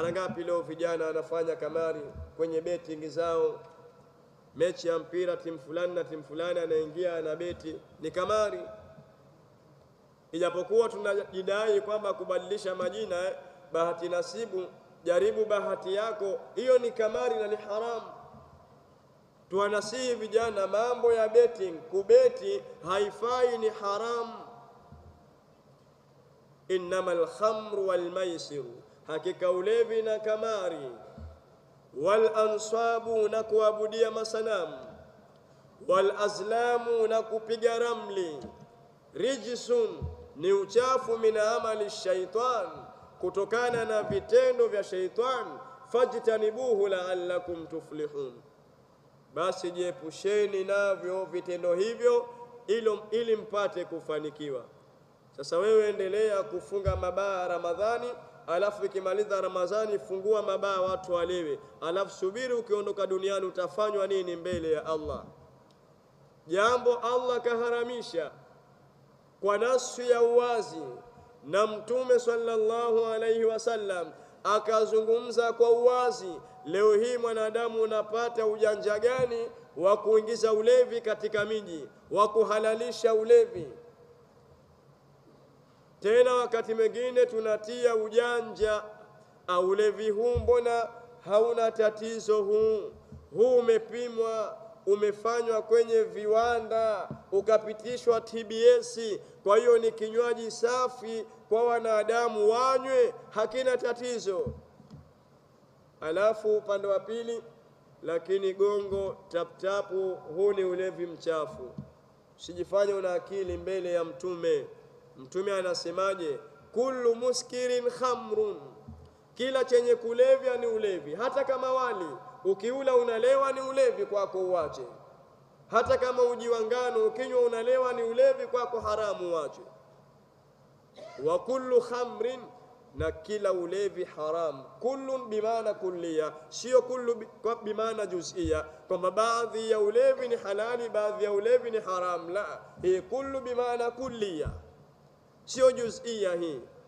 Mara ngapi leo vijana wanafanya kamari kwenye betting zao? Mechi ya mpira timu fulani na timu fulani, anaingia na beti, ni kamari. Ijapokuwa tunajidai kwamba kubadilisha majina eh, bahati nasibu, jaribu bahati yako, hiyo ni kamari na ni haramu. Tuwanasihi vijana, mambo ya betting, kubeti haifai, ni haramu. Innama lkhamru walmaisiru hakika ulevi na kamari, wal ansabu na kuabudia masanamu, wal azlamu na kupiga ramli, rijisun ni uchafu, min amali shaitan, kutokana na vitendo vya shaitan fajtanibuhu la'allakum tuflihun, basi jiepusheni navyo vitendo hivyo ili mpate kufanikiwa. Sasa wewe endelea kufunga mabaa Ramadhani alafu ikimaliza Ramadhani fungua mabaa watu walewe, alafu subiri ukiondoka duniani utafanywa nini mbele ya Allah. Jambo Allah kaharamisha kwa nafsi ya uwazi, na Mtume sallallahu alaihi wasallam akazungumza kwa uwazi. Leo hii mwanadamu unapata ujanja gani wa kuingiza ulevi katika miji, wa kuhalalisha ulevi tena wakati mwingine tunatia ujanja, aulevi huu mbona hauna tatizo, huu huu umepimwa umefanywa kwenye viwanda ukapitishwa TBS, kwa hiyo ni kinywaji safi kwa wanadamu wanywe, hakina tatizo. Alafu upande wa pili, lakini gongo taptapu, huu ni ulevi mchafu. Usijifanye una akili mbele ya Mtume. Mtume anasemaje? kullu muskirin khamrun, kila chenye kulevya ni ulevi. Hata kama wali ukiula unalewa ni ulevi kwako, uwache. Hata kama uji wa ngano ukinywa unalewa ni ulevi kwako, haramu, uwache. Wa kullu khamrin, na kila ulevi haramu. Kullun bimaana kullia, sio kullu bimaana juzia, kwamba baadhi ya ulevi ni halali, baadhi ya ulevi ni haramu. La, hii kullu bimaana kullia Se eu diz ia rir.